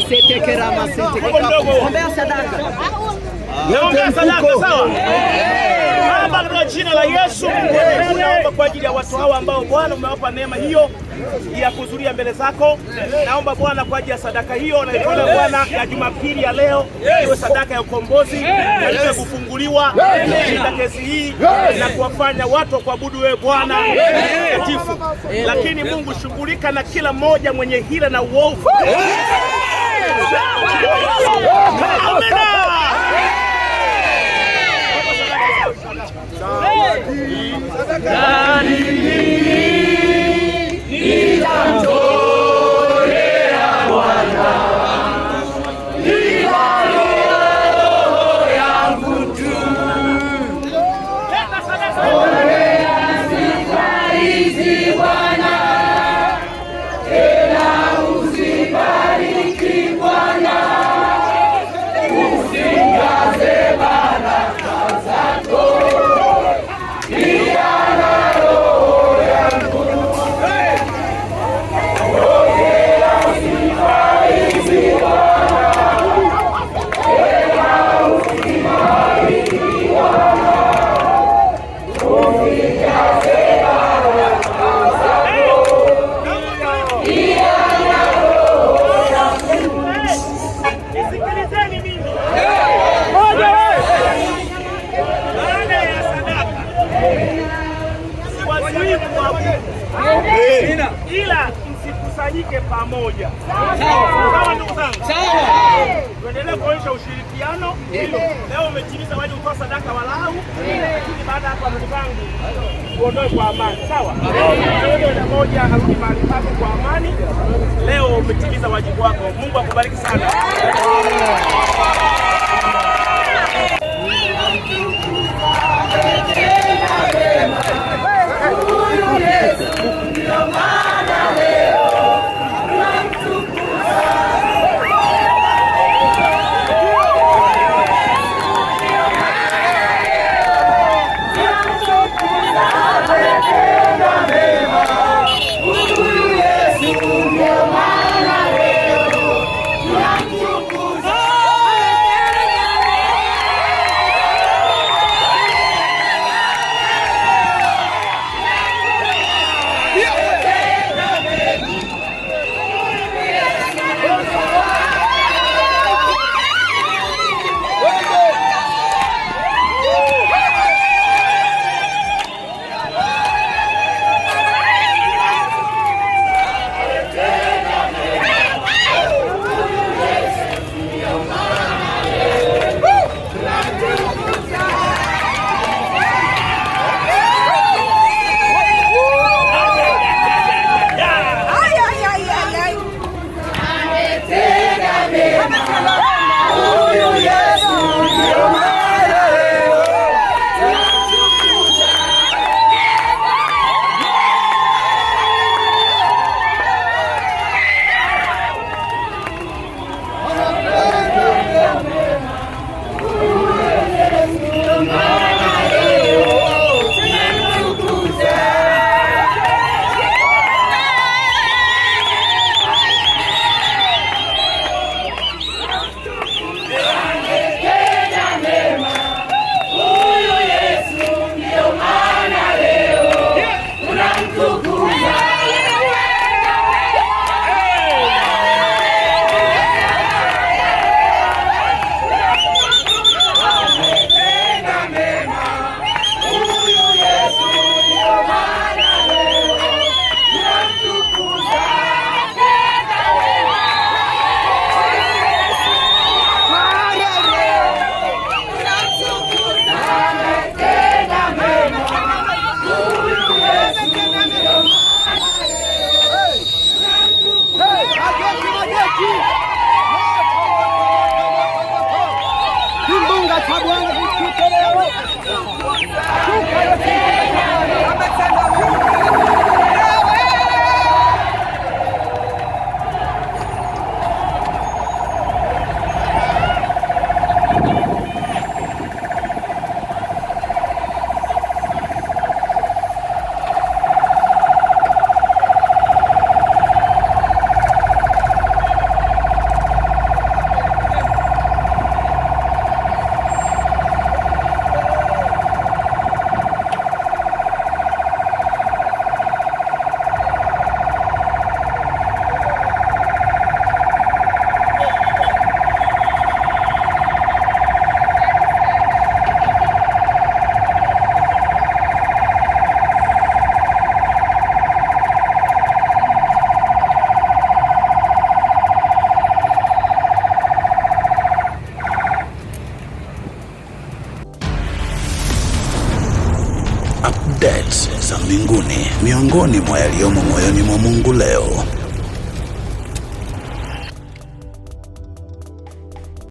masete ombea sadaka, naombea sawa. Baba, katika jina la Yesu Mungu, naomba kwa ajili ya watu hawa ambao Bwana umewapa neema hiyo ya kuhudhuria mbele zako. Naomba Bwana kwa ajili ya sadaka hiyo naitolea Bwana ya Jumapili ya leo iwe sadaka ya ukombozi, naiwe kufunguliwa katika kesi hii na kuwafanya watu wa kuabudu wewe Bwana takatifu. Lakini Mungu, shughulika na kila mmoja mwenye hila na uovu Amina. tukusanyike pamoja, sawa ndugu zangu, tuendelee kuonyesha ushirikiano. Hilo Leo umetimiza wajibu kwa sadaka walau, lakini baada ya hapo, ndugu zangu, uondoe kwa amani, sawa. Enda moja arudi mahali pake kwa amani. Leo umetimiza wajibu wako. Mungu akubariki sana. updates za Mbinguni, miongoni mwa yaliyomo moyoni mwa Mungu leo.